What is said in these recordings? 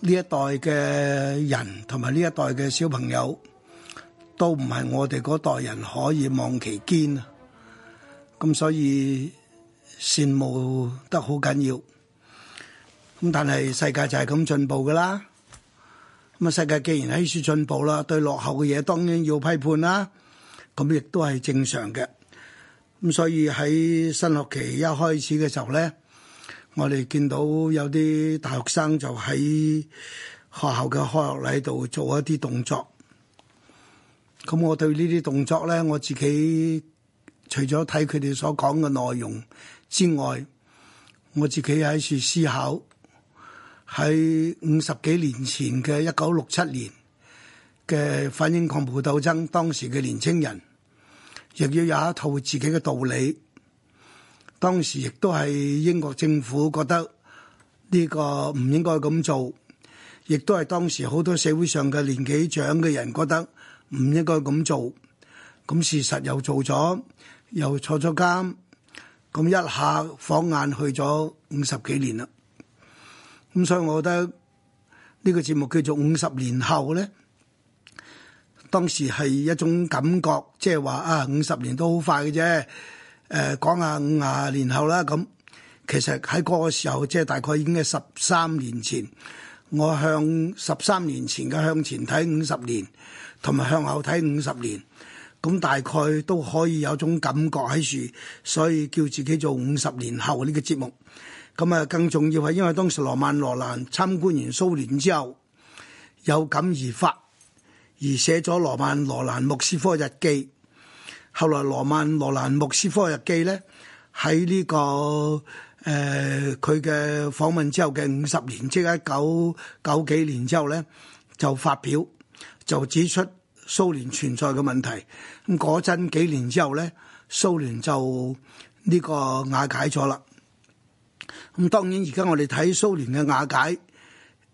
呢一代嘅人同埋呢一代嘅小朋友，都唔係我哋嗰代人可以望其堅啊！咁所以羨慕得好緊要。咁但係世界就係咁進步噶啦。咁啊，世界既然喺處進步啦，對落後嘅嘢當然要批判啦。咁亦都係正常嘅。咁所以喺新學期一開始嘅時候咧。我哋見到有啲大學生就喺學校嘅開學禮度做一啲動作，咁我對呢啲動作咧，我自己除咗睇佢哋所講嘅內容之外，我自己喺處思考，喺五十幾年前嘅一九六七年嘅反英抗暴鬥爭，當時嘅年青人亦要有一套自己嘅道理。當時亦都係英國政府覺得呢個唔應該咁做，亦都係當時好多社會上嘅年紀長嘅人覺得唔應該咁做。咁事實又做咗，又坐咗監。咁一下晃眼去咗五十幾年啦。咁所以，我覺得呢個節目叫做《五十年後》咧，當時係一種感覺，即係話啊，五十年都好快嘅啫。誒，講下五十年後啦，咁其實喺嗰個時候，即係大概已經係十三年前。我向十三年前嘅向前睇五十年，同埋向後睇五十年，咁大概都可以有種感覺喺處，所以叫自己做五十年後呢個節目。咁啊，更重要係因為當時羅曼羅蘭參觀完蘇聯之後，有感而發，而寫咗《羅曼羅蘭莫斯科日記》。後來羅曼·羅蘭《莫斯科日記》呢咧喺呢個誒佢嘅訪問之後嘅五十年，即係一九九幾年之後咧，就發表，就指出蘇聯存在嘅問題。咁嗰陣幾年之後咧，蘇聯就呢個瓦解咗啦。咁當然而家我哋睇蘇聯嘅瓦解，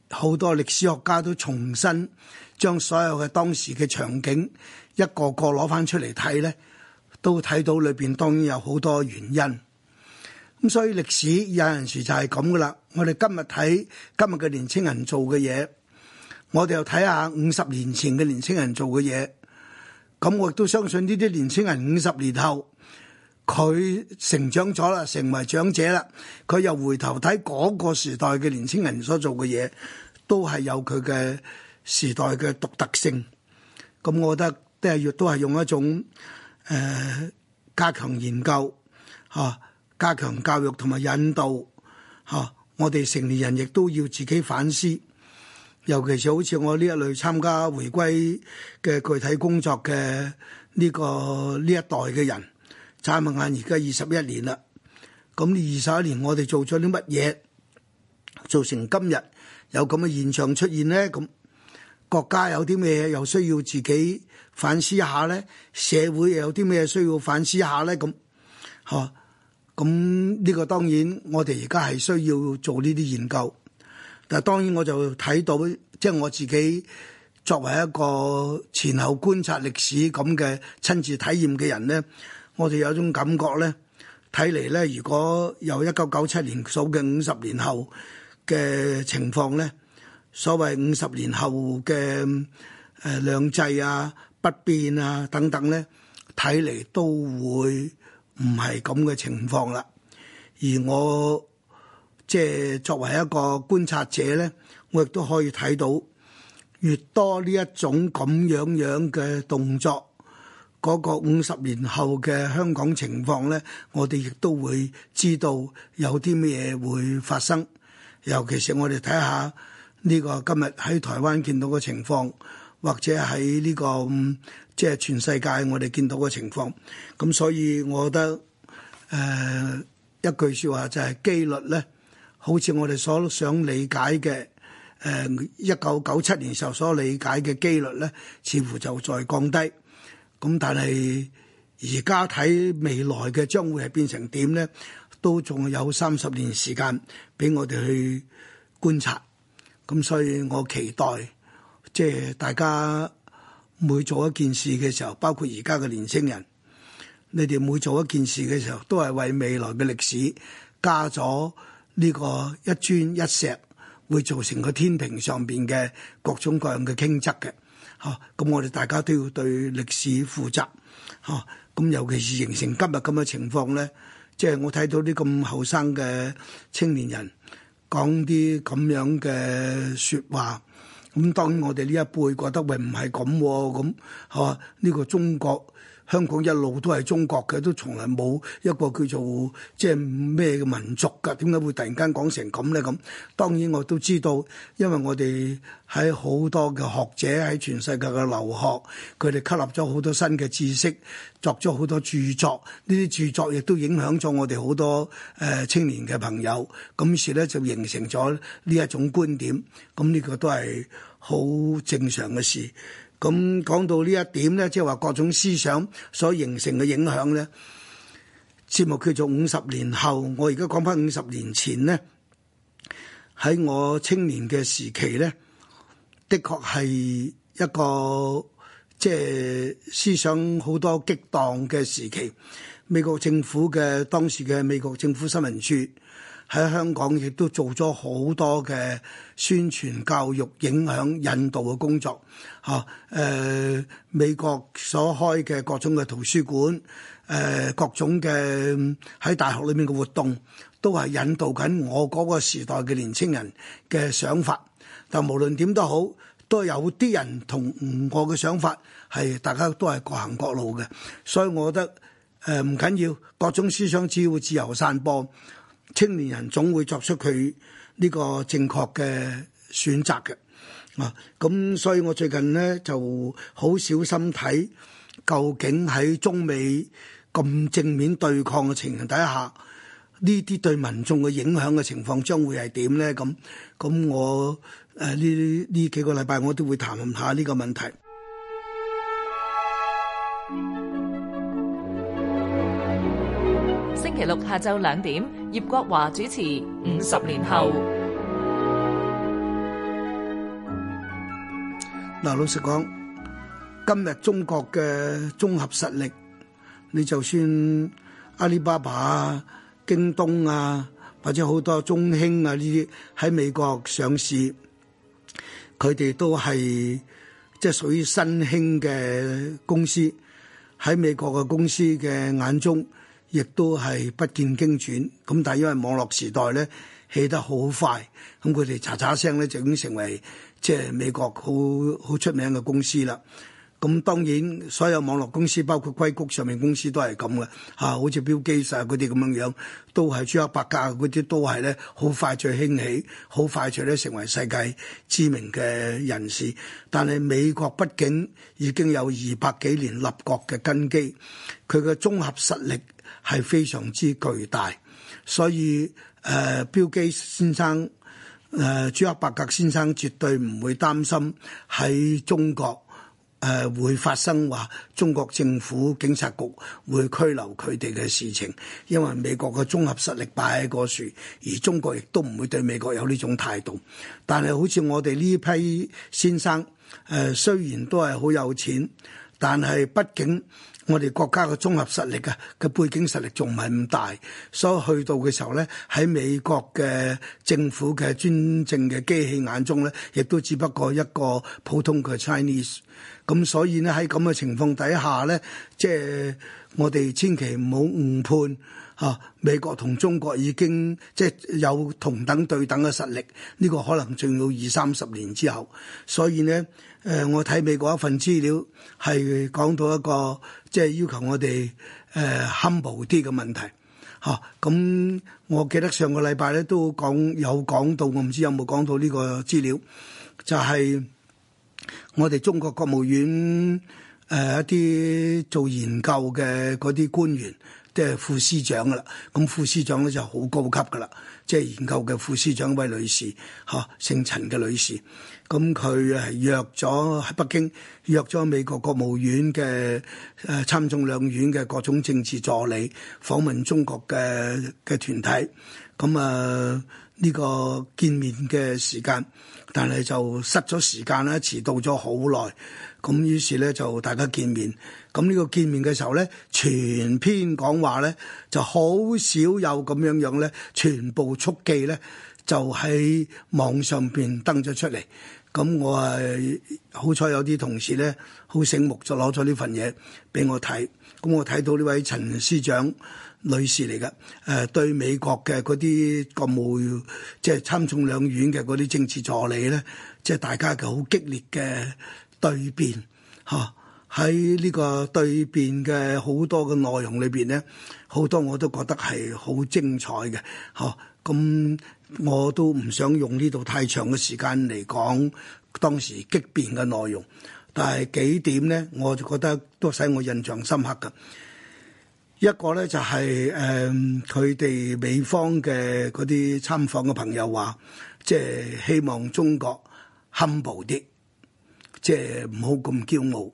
好多歷史學家都重新將所有嘅當時嘅場景一個個攞翻出嚟睇咧。都睇到裏邊當然有好多原因，咁所以歷史有陣時就係咁噶啦。我哋今日睇今日嘅年青人做嘅嘢，我哋又睇下五十年前嘅年青人做嘅嘢。咁我亦都相信呢啲年青人五十年後，佢成長咗啦，成為長者啦，佢又回頭睇嗰個時代嘅年青人所做嘅嘢，都係有佢嘅時代嘅獨特性。咁我覺得亦都都係用一種。誒、呃，加強研究，吓，加強教育同埋引導，吓，我哋成年人亦都要自己反思。尤其是好似我呢一類參加回歸嘅具體工作嘅呢、呢個呢一代嘅人，眨下眼而家二十一年啦。咁呢二十一年我哋做咗啲乜嘢，造成今日有咁嘅現象出現咧？咁國家有啲咩嘢又需要自己？反思下咧，社會有啲咩需要反思下咧？咁、嗯，嚇，咁、嗯、呢、呢個當然我哋而家係需要做呢啲研究。但係當然我就睇到，即、就、係、是、我自己作為一個前後觀察歷史咁嘅親自體驗嘅人咧，我哋有種感覺咧，睇嚟咧，如果有一九九七年數嘅五十年後嘅情況咧，所謂五十年後嘅誒兩制啊～不變啊！等等咧，睇嚟都會唔係咁嘅情況啦。而我即係作為一個觀察者咧，我亦都可以睇到越多呢一種咁樣樣嘅動作，嗰個五十年後嘅香港情況咧，我哋亦都會知道有啲咩會發生。尤其是我哋睇下呢個今日喺台灣見到嘅情況。或者喺呢個即係全世界，我哋見到嘅情況，咁所以我覺得誒一句説話就係機率咧，好似我哋所想理解嘅誒一九九七年時候所理解嘅機率咧，似乎就再降低。咁但係而家睇未來嘅將會係變成點咧？都仲有三十年時間俾我哋去觀察。咁所以我期待。即係大家每做一件事嘅時候，包括而家嘅年青人，你哋每做一件事嘅時候，都係為未來嘅歷史加咗呢個一磚一石，會造成個天平上面嘅各種各樣嘅傾側嘅。吓，咁我哋大家都要對歷史負責。吓，咁尤其是形成今日咁嘅情況咧，即係我睇到啲咁後生嘅青年人講啲咁樣嘅說話。咁、嗯、當然我哋呢一輩覺得喂唔係，咁喎、啊，咁嚇呢個中國。香港一路都係中國嘅，都從來冇一個叫做即係咩嘅民族噶，點解會突然間講成咁咧？咁當然我都知道，因為我哋喺好多嘅學者喺全世界嘅留學，佢哋吸納咗好多新嘅知識，作咗好多著作。呢啲著作亦都影響咗我哋好多誒、呃、青年嘅朋友。咁時咧就形成咗呢一種觀點，咁、嗯、呢、呢個都係好正常嘅事。咁講到呢一點咧，即係話各種思想所形成嘅影響呢，節目叫做五十年後。我而家講返五十年前呢，喺我青年嘅時期呢，的確係一個即、就是、思想好多激盪嘅時期。美國政府嘅當時嘅美國政府新聞處。喺香港亦都做咗好多嘅宣傳教育、影響引導嘅工作，嚇、啊、誒、呃、美國所開嘅各種嘅圖書館，誒、呃、各種嘅喺大學裏面嘅活動，都係引導緊我嗰個時代嘅年青人嘅想法。但無論點都好，都有啲人同唔同嘅想法，係大家都係各行各路嘅，所以我覺得誒唔、呃、緊要，各種思想只會自由散播。青年人總會作出佢呢個正確嘅選擇嘅，啊咁所以我最近咧就好小心睇究竟喺中美咁正面對抗嘅情形底下，呢啲對民眾嘅影響嘅情況將會係點咧？咁咁我誒呢呢幾個禮拜我都會談論下呢個問題。星期六下晝兩點，葉國華主持《五十年後》。嗱，老實講，今日中國嘅綜合實力，你就算阿里巴巴啊、京東啊，或者好多中興啊呢啲喺美國上市，佢哋都係即係屬於新興嘅公司喺美國嘅公司嘅眼中。亦都係不見經傳咁，但係因為網絡時代咧起得好快，咁佢哋喳喳聲咧就已經成為即係美國好好出名嘅公司啦。咁當然所有網絡公司，包括硅谷上面公司都係咁嘅嚇，好似比爾蓋茨嗰啲咁樣樣，都係朱克伯格嗰啲都係咧好快就興起，好快就咧成為世界知名嘅人士。但係美國畢竟已經有二百幾年立國嘅根基，佢嘅綜合實力。係非常之巨大，所以誒標基先生、誒、呃、朱克伯格先生絕對唔會擔心喺中國誒、呃、會發生話中國政府警察局會拘留佢哋嘅事情，因為美國嘅綜合實力擺喺嗰處，而中國亦都唔會對美國有呢種態度。但係好似我哋呢批先生誒、呃，雖然都係好有錢，但係畢竟。我哋國家嘅綜合實力啊，佢嘅背景實力仲唔係咁大，所以去到嘅時候咧，喺美國嘅政府嘅專政嘅機器眼中咧，亦都只不過一個普通嘅 Chinese。咁所以咧，喺咁嘅情況底下咧，即係我哋千祈唔好誤判。啊！美國同中國已經即係有同等對等嘅實力，呢、這個可能仲要二三十年之後。所以咧，誒、呃、我睇美國一份資料係講到一個即係要求我哋誒謹啲嘅問題。嚇、啊！咁、嗯、我記得上個禮拜咧都講有講到，我唔知有冇講到呢個資料，就係、是、我哋中國國務院誒、呃、一啲做研究嘅嗰啲官員。即係副司長噶啦，咁副司長咧就好高級噶啦，即係研究嘅副司長位女士，嚇、啊、姓陳嘅女士，咁佢係約咗喺北京，約咗美國國務院嘅、啊、參眾兩院嘅各種政治助理訪問中國嘅嘅團體，咁啊呢、呢個見面嘅時間，但係就失咗時間啦，遲到咗好耐。咁於是咧就大家見面，咁呢個見面嘅時候咧，全篇講話咧就好少有咁樣樣咧，全部速記咧就喺網上邊登咗出嚟。咁我係好彩有啲同事咧好醒目就，就攞咗呢份嘢俾我睇。咁我睇到呢位陳司長女士嚟嘅，誒、呃、對美國嘅嗰啲國務即係、就是、參眾兩院嘅嗰啲政治助理咧，即、就、係、是、大家就好激烈嘅。對辯嚇，喺呢個對辯嘅好多嘅內容裏邊咧，好多我都覺得係好精彩嘅嚇。咁我都唔想用呢度太長嘅時間嚟講當時激辯嘅內容，但係幾點咧，我就覺得都使我印象深刻㗎。一個咧就係、是、誒，佢、嗯、哋美方嘅嗰啲參訪嘅朋友話，即係希望中國 humble 啲。即係唔好咁驕傲，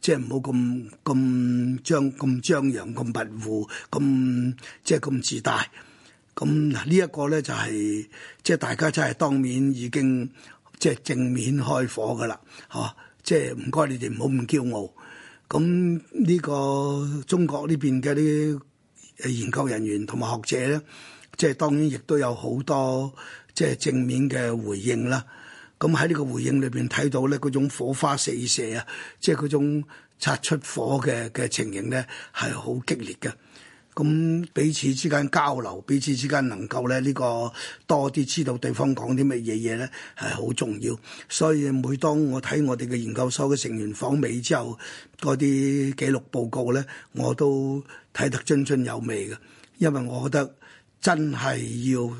即係唔好咁咁張咁張揚，咁跋扈，咁即係咁自大。咁呢一個咧就係即係大家真係當面已經即係正面開火噶啦，嚇！即係唔該你哋唔好咁驕傲。咁呢個中國呢邊嘅啲研究人員同埋學者咧，即係當然亦都有好多即係正面嘅回應啦。咁喺呢個回應裏邊睇到咧，嗰種火花四射啊，即係嗰種擦出火嘅嘅情形咧，係好激烈嘅。咁彼此之間交流，彼此之間能夠咧呢個多啲知道對方講啲咩嘢嘢咧，係好重要。所以每當我睇我哋嘅研究所嘅成員訪美之後，嗰啲記錄報告咧，我都睇得津津有味嘅，因為我覺得真係要。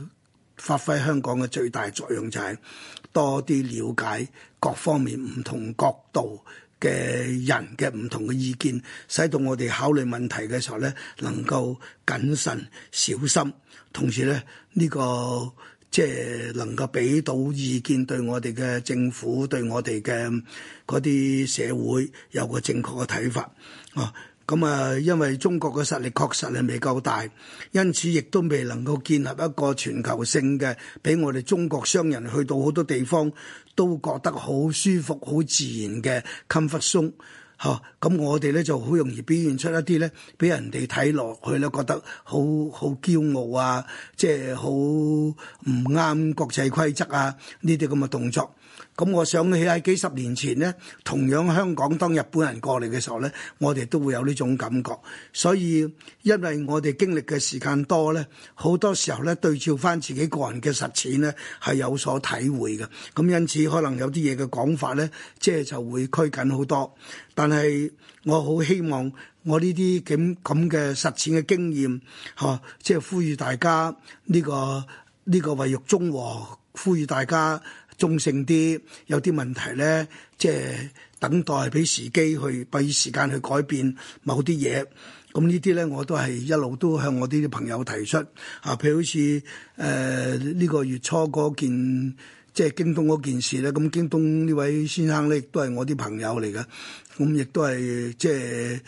發揮香港嘅最大作用，就係多啲了解各方面唔同角度嘅人嘅唔同嘅意見，使到我哋考慮問題嘅時候咧能夠謹慎小心，同時咧呢個即係能夠俾到意見，對我哋嘅政府對我哋嘅嗰啲社會有個正確嘅睇法啊！咁啊、嗯，因為中國嘅實力確實係未夠大，因此亦都未能夠建立一個全球性嘅，俾我哋中國商人去到好多地方都覺得好舒服、好自然嘅襟忽鬆，吓、嗯、咁、嗯、我哋咧就好容易表現出一啲咧，俾人哋睇落去咧覺得好好驕傲啊，即係好唔啱國際規則啊呢啲咁嘅動作。咁我想起喺幾十年前呢，同樣香港當日本人過嚟嘅時候呢，我哋都會有呢種感覺。所以因為我哋經歷嘅時間多呢，好多時候呢，對照返自己個人嘅實踐呢，係有所體會嘅。咁因此可能有啲嘢嘅講法呢，即係就會拘謹好多。但係我好希望我呢啲咁咁嘅實踐嘅經驗，嚇，即係呼籲大家呢、呢個呢、呢個為玉中和，呼籲大家。中性啲，有啲問題咧，即係等待俾時機去，俾時間去改變某啲嘢。咁、嗯、呢啲咧，我都係一路都向我啲朋友提出。啊，譬如好似誒呢個月初嗰件，即係京東嗰件事咧。咁、嗯、京東呢位先生咧，亦都係我啲朋友嚟嘅。咁、嗯、亦都係即係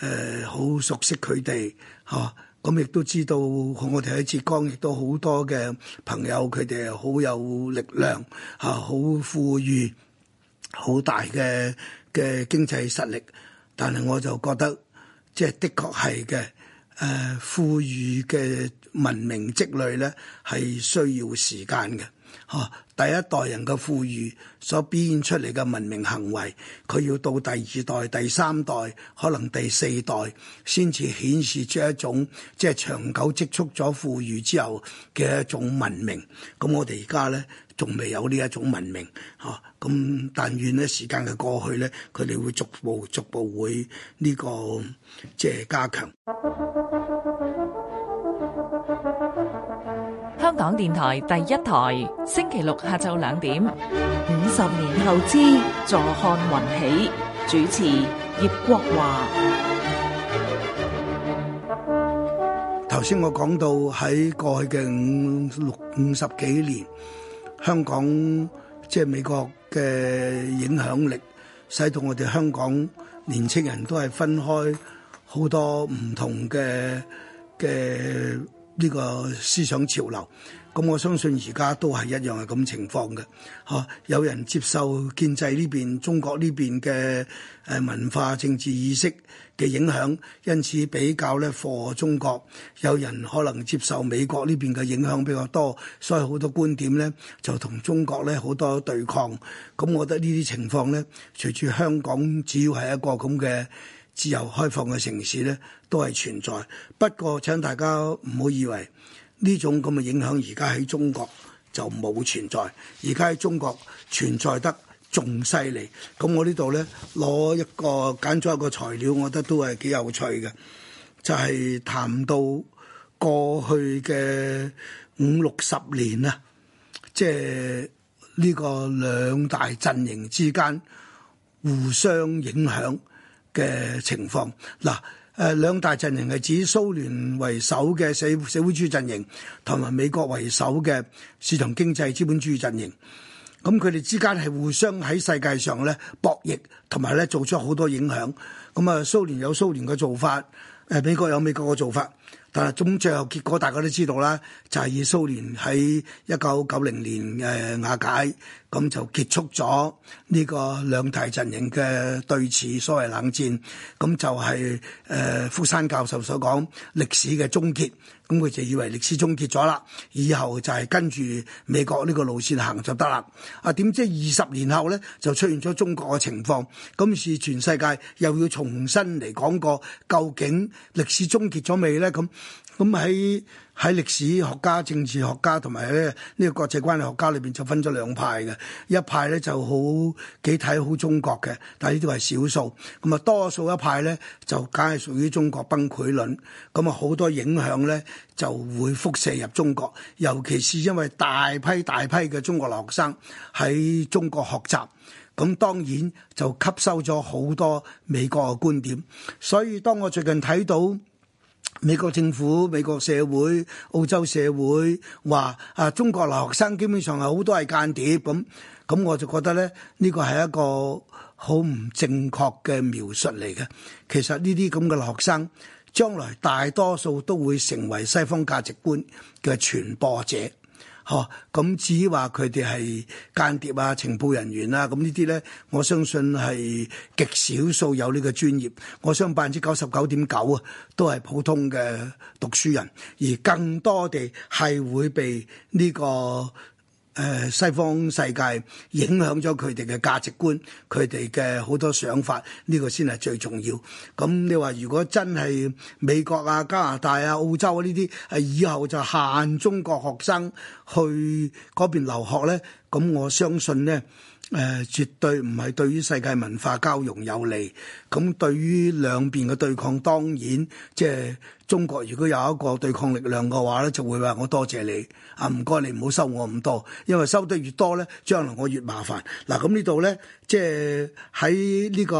誒好熟悉佢哋嚇。啊。咁亦都知道，我哋喺浙江亦都好多嘅朋友，佢哋好有力量，啊，好富裕，好大嘅嘅經濟實力。但係我就覺得，即係的確係嘅，誒富裕嘅文明積累咧，係需要時間嘅。嚇、啊，第一代人嘅富裕所表現出嚟嘅文明行為，佢要到第二代、第三代，可能第四代先至顯示出一種即係長久積蓄咗富裕之後嘅一種文明。咁、嗯、我哋而家呢，仲未有呢一種文明嚇，咁、啊、但願呢時間嘅過去呢，佢哋會逐步逐步會呢、呢個即係加強。港電台第一台，星期六下晝兩點。五十年投資，坐看雲起。主持葉國華。頭先我講到喺過去嘅五六五十幾年，香港即係美國嘅影響力，使到我哋香港年青人都係分開好多唔同嘅嘅。呢個思想潮流，咁我相信而家都係一樣係咁情況嘅，嚇、啊、有人接受建制呢邊中國呢邊嘅誒文化政治意識嘅影響，因此比較咧課中國。有人可能接受美國呢邊嘅影響比較多，所以好多觀點咧就同中國咧好多對抗。咁我覺得呢啲情況咧，隨住香港只要係一個咁嘅。自由開放嘅城市呢都係存在，不過請大家唔好以為呢種咁嘅影響，而家喺中國就冇存在。而家喺中國存在得仲犀利。咁我呢度呢，攞一個揀咗一個材料，我覺得都係幾有趣嘅，就係談到過去嘅五六十年啊，即係呢個兩大陣營之間互相影響。嘅情況，嗱，誒、呃、兩大陣營係指蘇聯為首嘅社社會主義陣營，同埋美國為首嘅市場經濟資本主義陣營。咁佢哋之間係互相喺世界上咧博弈，同埋咧做出好多影響。咁、嗯、啊，蘇聯有蘇聯嘅做法，誒、呃、美國有美國嘅做法，但係總最後結果大家都知道啦，就係、是、以蘇聯喺一九九零年誒、呃、瓦解。咁就結束咗呢個兩大陣營嘅對峙，所謂冷戰，咁就係誒福山教授所講歷史嘅終結。咁佢就以為歷史終結咗啦，以後就係跟住美國呢個路線行就得啦。啊，點知二十年後呢，就出現咗中國嘅情況，今次全世界又要重新嚟講過，究竟歷史終結咗未呢？咁咁喺。啊啊喺歷史學家、政治學家同埋咧呢個國際關係學家裏邊，就分咗兩派嘅。一派咧就好幾睇好中國嘅，但係呢啲都係少數。咁啊，多數一派咧就梗係屬於中國崩潰論。咁啊，好多影響咧就會輻射入中國，尤其是因為大批大批嘅中國學生喺中國學習，咁當然就吸收咗好多美國嘅觀點。所以當我最近睇到。美國政府、美國社會、澳洲社會話啊，中國留學生基本上係好多係間諜咁，咁我就覺得咧，呢個係一個好唔正確嘅描述嚟嘅。其實呢啲咁嘅留學生，將來大多數都會成為西方價值觀嘅傳播者。哦，咁至於話佢哋係間諜啊、情報人員啊，咁呢啲咧，我相信係極少數有呢個專業，我相信百分之九十九點九啊，都係普通嘅讀書人，而更多地係會被呢個。誒西方世界影響咗佢哋嘅價值觀，佢哋嘅好多想法呢個先係最重要。咁你話如果真係美國啊、加拿大啊、澳洲啊呢啲係以後就限中國學生去嗰邊留學呢？咁我相信呢。誒、呃、絕對唔係對於世界文化交融有利，咁對於兩邊嘅對抗，當然即係中國如果有一個對抗力量嘅話咧，就會話我多謝你啊，唔該你唔好收我咁多，因為收得越多咧，將來我越麻煩。嗱，咁呢度咧，即係喺呢個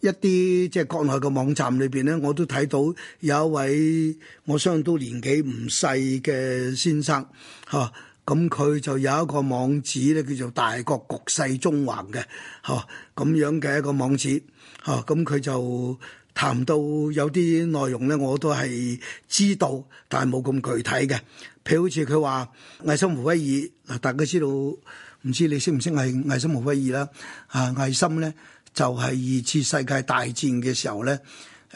一啲即係國內嘅網站裏邊咧，我都睇到有一位我相信都年紀唔細嘅先生嚇。啊咁佢就有一個網址咧，叫做《大國局勢縱橫》嘅、哦，嚇咁樣嘅一個網址，嚇咁佢就談到有啲內容咧，我都係知道，但係冇咁具體嘅。譬如好似佢話艾森豪威爾，嗱，大家知道，唔知你識唔識艾艾森豪威爾啦？啊，艾森咧就係、是、二次世界大戰嘅時候咧，誒、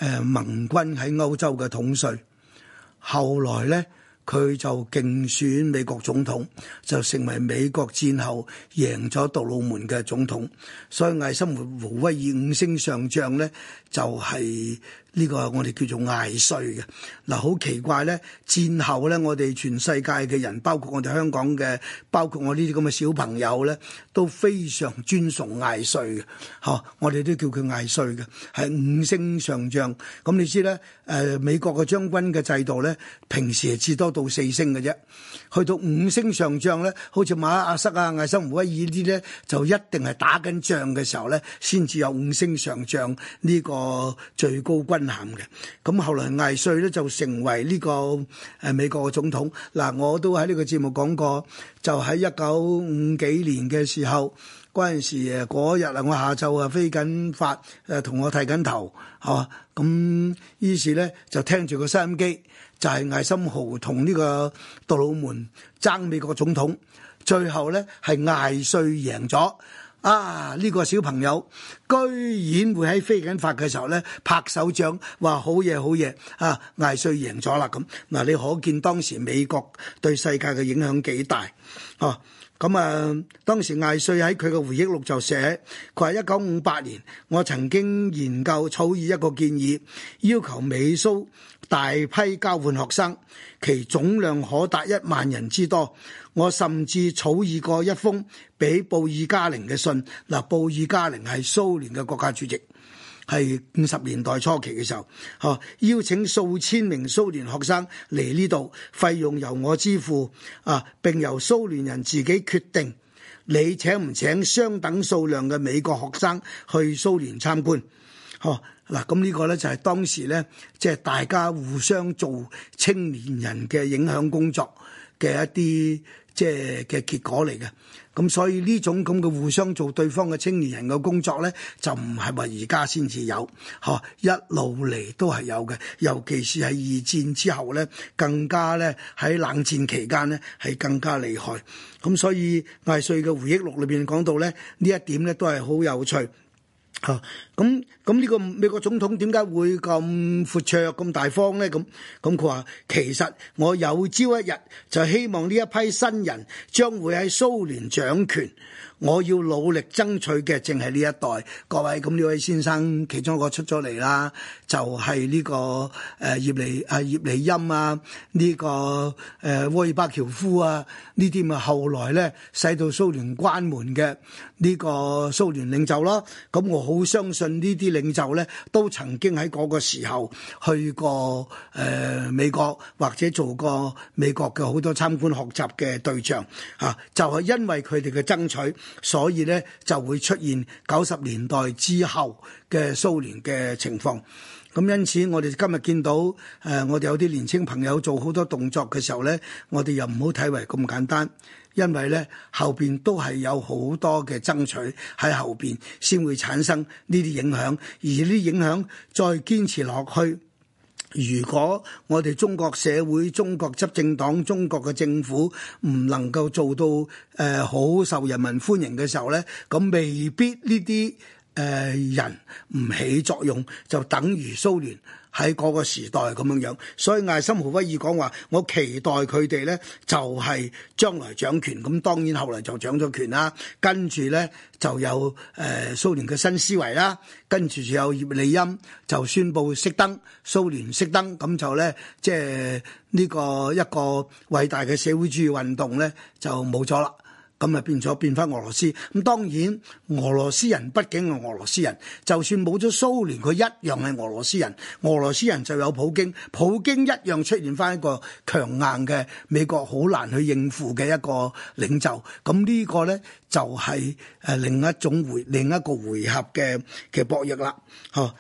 呃、盟軍喺歐洲嘅統帥，後來咧。佢就競選美國總統，就成為美國戰後贏咗杜魯門嘅總統。所以艾森豪威爾五星上將咧就係、是。呢個係我哋叫做艾帥嘅，嗱、啊、好奇怪咧！戰後咧，我哋全世界嘅人，包括我哋香港嘅，包括我呢啲咁嘅小朋友咧，都非常尊崇艾帥嘅，吓、啊、我哋都叫佢艾帥嘅，係五星上將。咁、嗯、你知咧，誒、呃、美國嘅將軍嘅制度咧，平時係至多到四星嘅啫，去到五星上將咧，好似馬阿瑟啊、艾森唔威爾呢啲咧，就一定係打緊仗嘅時候咧，先至有五星上將呢個最高軍。震撼嘅，咁後來艾帥咧就成為呢個誒美國嘅總統。嗱，我都喺呢個節目講過，就喺一九五幾年嘅時候，嗰陣時誒嗰日啊，我下晝啊飛緊髮，誒同我剃緊頭，吓，咁於是咧就聽住個收音機，就係艾森豪同呢個杜魯門爭美國嘅總統，最後咧係艾帥贏咗。啊！呢，這個小朋友居然會喺飛緊法嘅時候咧拍手掌，話好嘢好嘢啊！艾瑞贏咗啦咁，嗱，你可見當時美國對世界嘅影響幾大哦。咁啊，啊，啊，當時艾瑞喺佢嘅回憶錄就寫：佢話一九五八年，我曾經研究草擬一個建議，要求美蘇大批交換學生，其總量可達一萬人之多。我甚至草擬過一封。俾布爾加寧嘅信，嗱，布爾加寧係蘇聯嘅國家主席，係五十年代初期嘅時候，呵，邀請數千名蘇聯學生嚟呢度，費用由我支付，啊，並由蘇聯人自己決定，你請唔請相等數量嘅美國學生去蘇聯參觀，呵，啊，嗱，咁呢個呢，就係當時呢，即係大家互相做青年人嘅影響工作嘅一啲嘅嘅結果嚟嘅，咁所以呢種咁嘅互相做對方嘅青年人嘅工作咧，就唔係話而家先至有，嚇一路嚟都係有嘅，尤其是喺二戰之後咧，更加咧喺冷戰期間咧，係更加厲害。咁所以大瑞嘅回憶錄裏邊講到咧，呢一點咧都係好有趣。嚇！咁咁呢個美國總統點解會咁闊綽咁大方呢？咁咁佢話：其實我有朝一日就希望呢一批新人將會喺蘇聯掌權。我要努力爭取嘅，正係呢一代各位。咁呢位先生其中一個出咗嚟啦，就係、是、呢、這個誒、呃、葉利啊葉利欽啊，呢、這個誒、呃、戈爾巴喬夫啊，呢啲咪後來咧使到蘇聯關門嘅呢個蘇聯領袖咯。咁、嗯、我好相信呢啲領袖咧，都曾經喺嗰個時候去過誒、呃、美國，或者做過美國嘅好多參觀學習嘅對象啊。就係、是、因為佢哋嘅爭取。所以咧就會出現九十年代之後嘅蘇聯嘅情況。咁因此我哋今日見到誒、呃，我哋有啲年青朋友做好多動作嘅時候咧，我哋又唔好睇為咁簡單，因為咧後邊都係有好多嘅爭取喺後邊先會產生呢啲影響，而呢啲影響再堅持落去。如果我哋中國社會、中國執政黨、中國嘅政府唔能夠做到誒好、呃、受人民歡迎嘅時候咧，咁未必呢啲。誒、呃、人唔起作用，就等於蘇聯喺嗰個時代咁樣樣，所以艾森豪威爾講話，我期待佢哋咧，就係、是、將來掌權，咁、嗯、當然後來就掌咗權啦。跟住咧就有誒、呃、蘇聯嘅新思維啦。跟住就有葉利欽就宣布熄燈，蘇聯熄燈，咁就咧即係呢、這個一個偉大嘅社會主義運動咧就冇咗啦。咁咪變咗變翻俄羅斯，咁當然俄羅斯人畢竟係俄羅斯人，就算冇咗蘇聯，佢一樣係俄羅斯人。俄羅斯人就有普京，普京一樣出現翻一個強硬嘅美國好難去應付嘅一個領袖。咁呢個呢，就係、是、誒另一種回另一個回合嘅嘅博弈啦。喎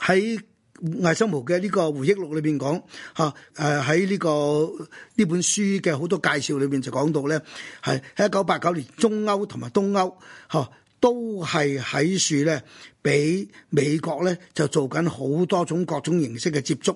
喺。艾森豪嘅呢個回憶錄裏邊講嚇，誒喺呢個呢本書嘅好多介紹裏邊就講到咧，係喺一九八九年中歐同埋東歐嚇、啊、都係喺處咧，俾美國咧就做緊好多種各種形式嘅接觸。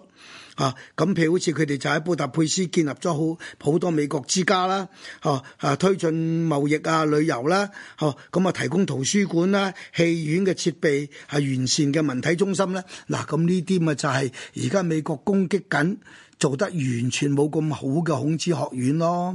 啊，咁譬如好似佢哋就喺布達佩斯建立咗好好多美國之家啦，哦，啊，啊推進貿易啊、旅遊啦、啊，哦、啊，咁啊提供圖書館啦、啊、戲院嘅設備係、啊、完善嘅文體中心咧、啊，嗱、啊，咁呢啲咪就係而家美國攻擊緊。做得完全冇咁好嘅孔子學院咯，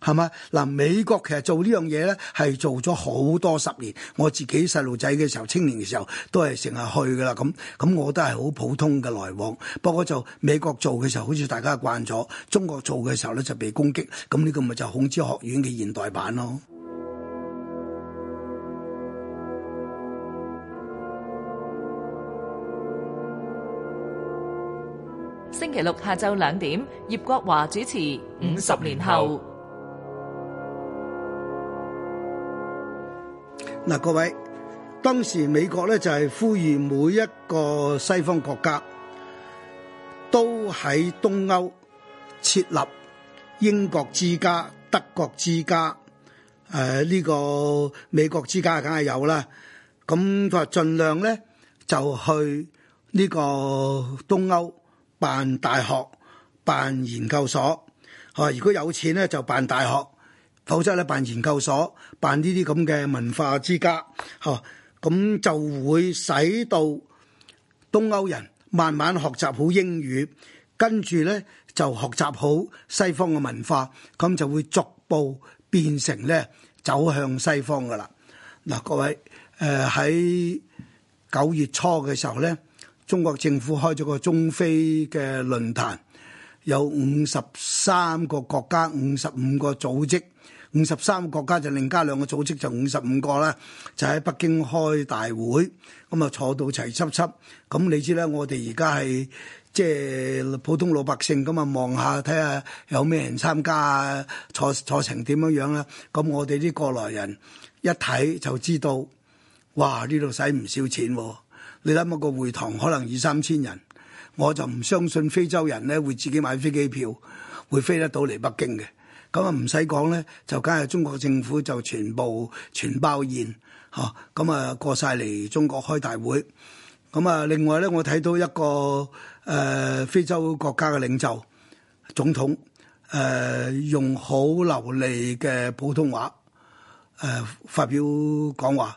係咪？嗱，美國其實做呢樣嘢咧，係做咗好多十年。我自己細路仔嘅時候、青年嘅時候，都係成日去㗎喇。咁咁我都係好普通嘅來往。不過就美國做嘅時候，好似大家慣咗；中國做嘅時候咧，就被攻擊。咁呢個咪就孔子學院嘅現代版咯。星期六下晝兩點，葉國華主持《五十年後》。嗱，各位，當時美國咧就係呼籲每一個西方國家都喺東歐設立英國之家、德國之家，誒，呢個美國之家梗係有喇。咁佢話盡量咧就去呢個東歐。辦大學，辦研究所，吓，如果有錢咧就辦大學，否則咧辦研究所，辦呢啲咁嘅文化之家，吓、啊、咁就會使到東歐人慢慢學習好英語，跟住咧就學習好西方嘅文化，咁就會逐步變成咧走向西方噶啦。嗱、啊，各位，誒喺九月初嘅時候咧。中國政府開咗個中非嘅論壇，有五十三個國家、五十五個組織，五十三個國家就另加兩個組織，就五十五個啦，就喺北京開大會，咁、嗯、啊坐到齊濕濕，咁、嗯、你知咧，我哋而家係即係普通老百姓，咁啊望下睇下有咩人參加啊，坐坐成點樣樣啦，咁、嗯、我哋啲過來人一睇就知道，哇呢度使唔少錢喎、啊。你諗我個會堂可能二三千人，我就唔相信非洲人咧會自己買飛機票，會飛得到嚟北京嘅。咁啊唔使講咧，就梗係中國政府就全部全包宴，吓咁啊過晒嚟中國開大會。咁啊，另外咧，我睇到一個誒、呃、非洲國家嘅領袖總統誒、呃、用好流利嘅普通話誒、呃、發表講話，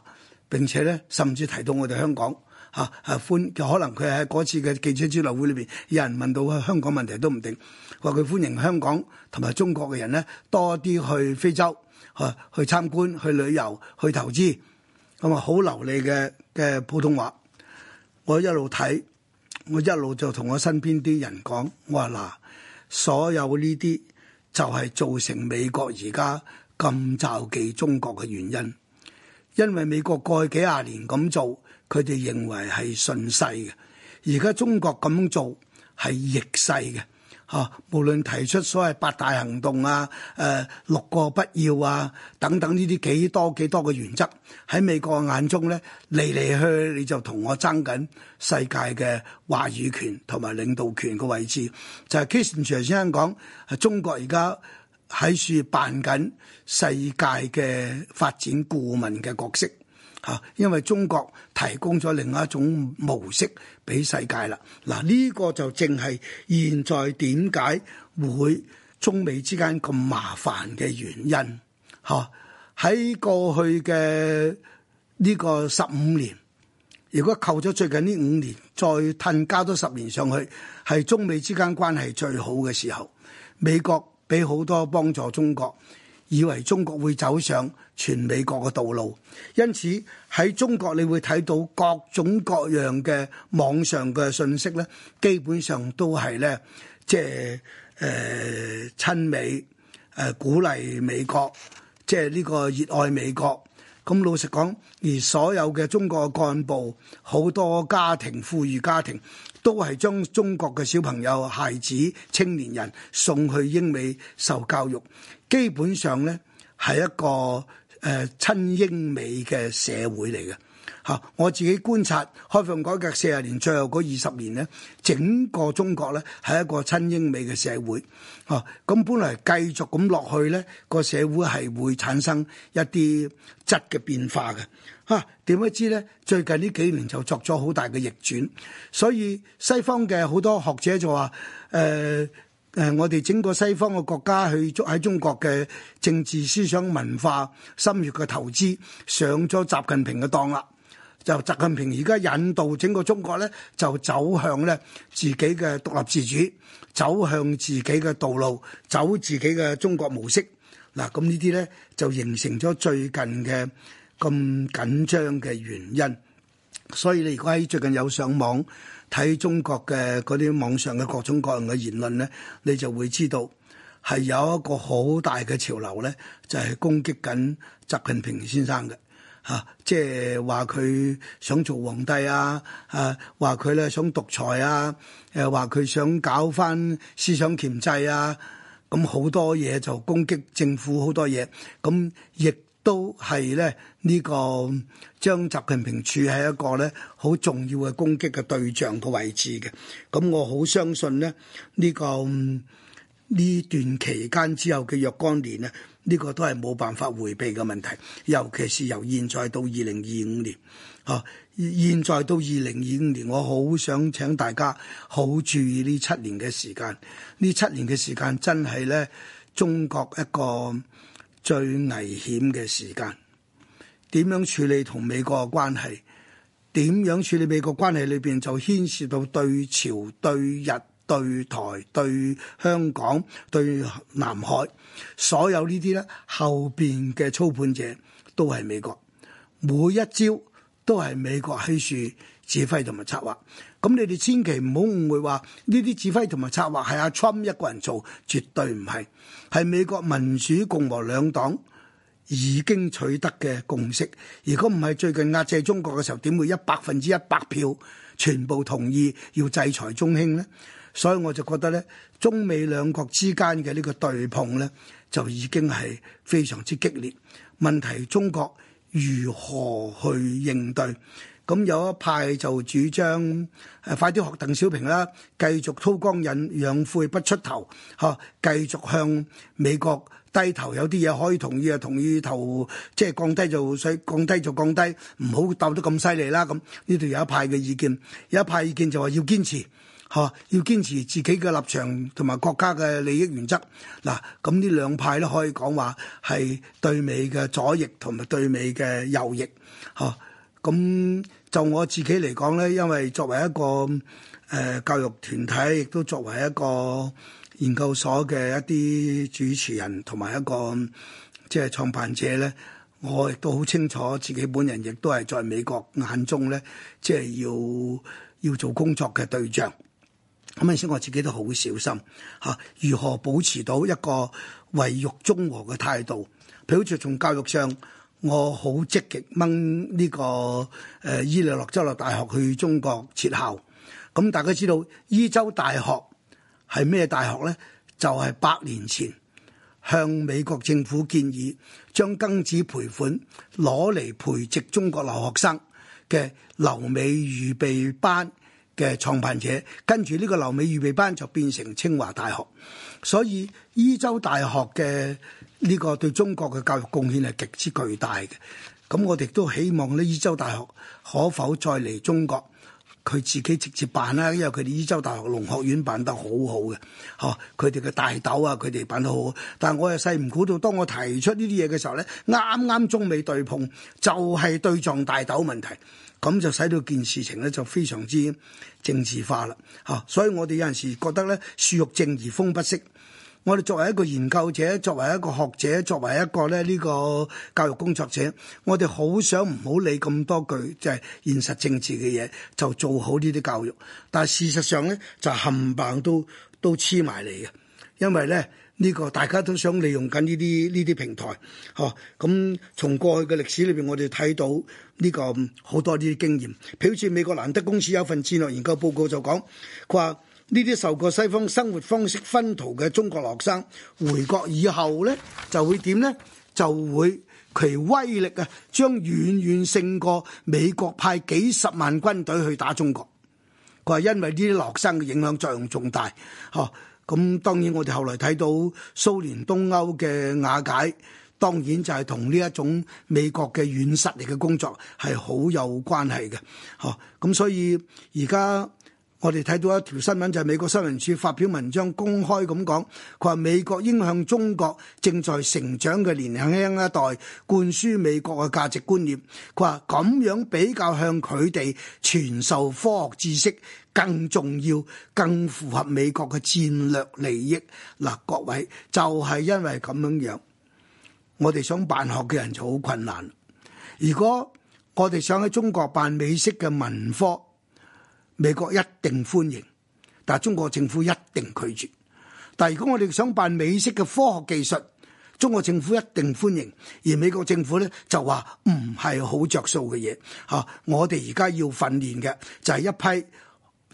並且咧甚至提到我哋香港。嚇！誒、啊啊、歡，可能佢喺嗰次嘅記者招待會裏邊，有人問到香港問題都唔定，話佢歡迎香港同埋中國嘅人咧多啲去非洲嚇、啊、去參觀、去旅遊、去投資，咁啊好流利嘅嘅普通話。我一路睇，我一路就同我身邊啲人講，我話嗱、啊，所有呢啲就係造成美國而家咁妒忌中國嘅原因，因為美國過去幾廿年咁做。佢哋認為係順勢嘅，而家中國咁做係逆勢嘅。嚇、啊，無論提出所謂八大行動啊、誒、呃、六個不要啊等等呢啲幾多幾多嘅原則，喺美國眼中咧，嚟嚟去你就同我爭緊世界嘅話語權同埋領導權嘅位置。就係、是、Kissinger 先生講，中國而家喺處扮緊世界嘅發展顧問嘅角色。嚇，因為中國提供咗另外一種模式俾世界啦。嗱，呢個就正係現在點解會中美之間咁麻煩嘅原因。嚇，喺過去嘅呢個十五年，如果扣咗最近呢五年，再褪加多十年上去，係中美之間關係最好嘅時候。美國俾好多幫助中國。以為中國會走上全美國嘅道路，因此喺中國你會睇到各種各樣嘅網上嘅信息咧，基本上都係咧，即係誒親美誒、呃、鼓勵美國，即係呢個熱愛美國。咁、嗯、老實講，而所有嘅中國嘅幹部，好多家庭富裕家庭。都係將中國嘅小朋友、孩子、青年人送去英美受教育，基本上咧係一個誒、呃、親英美嘅社會嚟嘅。吓，我自己觀察開放改革四十年，最後嗰二十年呢整個中國呢係一個親英美嘅社會。嚇、啊，咁本嚟繼續咁落去呢個社會係會產生一啲質嘅變化嘅。嚇、啊，點不知呢？最近呢幾年就作咗好大嘅逆轉，所以西方嘅好多學者就話：，誒、呃、誒、呃，我哋整個西方嘅國家去喺中國嘅政治、思想、文化心血嘅投資，上咗習近平嘅當啦。就習近平而家引導整個中國咧，就走向咧自己嘅獨立自主，走向自己嘅道路，走自己嘅中國模式。嗱、啊，咁、嗯、呢啲咧就形成咗最近嘅咁緊張嘅原因。所以你如果喺最近有上網睇中國嘅嗰啲網上嘅各種各樣嘅言論咧，你就會知道係有一個好大嘅潮流咧，就係、是、攻擊緊習近平先生嘅。吓、啊！即係話佢想做皇帝啊！啊，話佢咧想獨裁啊！誒、啊，話佢想搞翻思想鉗制啊！咁、啊、好多嘢就攻擊政府，好多嘢，咁、啊、亦都係咧呢、這個將習近平處喺一個咧好重要嘅攻擊嘅對象個位置嘅。咁、啊嗯、我好相信咧呢、這個。嗯呢段期間之後嘅若干年呢，呢個都係冇辦法回避嘅問題。尤其是由現在到二零二五年，啊，現在到二零二五年，我好想請大家好注意呢七年嘅時間。呢七年嘅時間真係呢中國一個最危險嘅時間。點樣處理同美國嘅關係？點樣處理美國關係裏邊就牽涉到對朝對日。對台、對香港、對南海，所有呢啲咧，後邊嘅操盤者都係美國，每一招都係美國喺處指揮同埋策劃。咁你哋千祈唔好誤會話呢啲指揮同埋策劃係阿 Trump 一個人做，絕對唔係，係美國民主共和兩黨已經取得嘅共識。如果唔係最近壓制中國嘅時候，點會一百分之一百票全部同意要制裁中興呢？所以我就覺得咧，中美兩國之間嘅呢個對碰咧，就已經係非常之激烈。問題中國如何去應對？咁有一派就主張誒、啊，快啲學鄧小平啦，繼續韜光隱養晦不出頭，嚇、啊，繼續向美國低頭。有啲嘢可以同意就同意，投，即係降低就衰，降低就降低，唔好鬥得咁犀利啦。咁呢度有一派嘅意見，有一派意見就話要堅持。嚇，要堅持自己嘅立場同埋國家嘅利益原則。嗱，咁呢兩派咧，可以講話係對美嘅左翼同埋對美嘅右翼。嚇，咁就我自己嚟講咧，因為作為一個誒教育團體，亦都作為一個研究所嘅一啲主持人同埋一個即係創辦者咧，我亦都好清楚自己本人亦都係在美國眼中咧，即係要要做工作嘅對象。咁啊，先我自己都好小心吓、啊，如何保持到一個維育中和嘅態度？譬如好似從教育上，我好積極掹呢個誒伊利諾州立大學去中國設校。咁、啊、大家知道伊州大學係咩大學咧？就係、是、百年前向美國政府建議將庚子賠款攞嚟培植中國留學生嘅留美預備班，嘅創辦者，跟住呢個留美預備班就變成清華大學，所以伊州大學嘅呢個對中國嘅教育貢獻係極之巨大嘅。咁我哋亦都希望咧伊州大學可否再嚟中國。佢自己直接辦啦，因為佢哋伊州大學農學院辦得好好嘅，嚇佢哋嘅大豆啊，佢哋辦得好好。但係我又細唔估到，當我提出呢啲嘢嘅時候咧，啱啱中美對碰就係、是、對撞大豆問題，咁就使到件事情咧就非常之政治化啦，嚇！所以我哋有陣時覺得咧樹欲靜而風不息。我哋作為一個研究者，作為一個學者，作為一個咧呢個教育工作者，我哋好想唔好理咁多句就係現實政治嘅嘢，就做好呢啲教育。但係事實上咧，就冚唪唥都都黐埋嚟嘅，因為咧呢個大家都想利用緊呢啲呢啲平台，嗬。咁、嗯、從過去嘅歷史裏邊，我哋睇到呢個好多呢啲經驗。譬如好似美國蘭德公司有份戰略研究報告就講，佢話。呢啲受過西方生活方式薰陶嘅中國學生回國以後呢就會點呢？就會其威力啊，將遠遠勝過美國派幾十萬軍隊去打中國。佢話因為呢啲學生嘅影響作用重大，嗬、哦。咁當然我哋後來睇到蘇聯東歐嘅瓦解，當然就係同呢一種美國嘅軟實力嘅工作係好有關係嘅，嗬、哦。咁所以而家。我哋睇到一條新聞，就係美國新聞處發表文章，公開咁講，佢話美國應向中國正在成長嘅年輕一代灌輸美國嘅價值觀念。佢話咁樣比較向佢哋傳授科學知識更重要，更符合美國嘅戰略利益。嗱、呃，各位就係因為咁樣樣，我哋想辦學嘅人就好困難。如果我哋想喺中國辦美式嘅文科，美國一定歡迎，但係中國政府一定拒絕。但係如果我哋想辦美式嘅科學技術，中國政府一定歡迎，而美國政府咧就話唔係好着數嘅嘢。嚇、啊，我哋而家要訓練嘅就係一批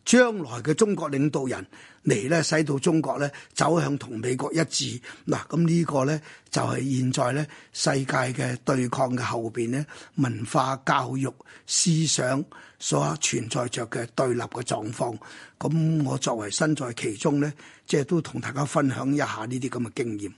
將來嘅中國領導人。嚟咧，使到中國咧走向同美國一致嗱，咁呢個咧就係現在咧世界嘅對抗嘅後邊咧文化教育思想所存在着嘅對立嘅狀況。咁我作為身在其中咧，即係都同大家分享一下呢啲咁嘅經驗。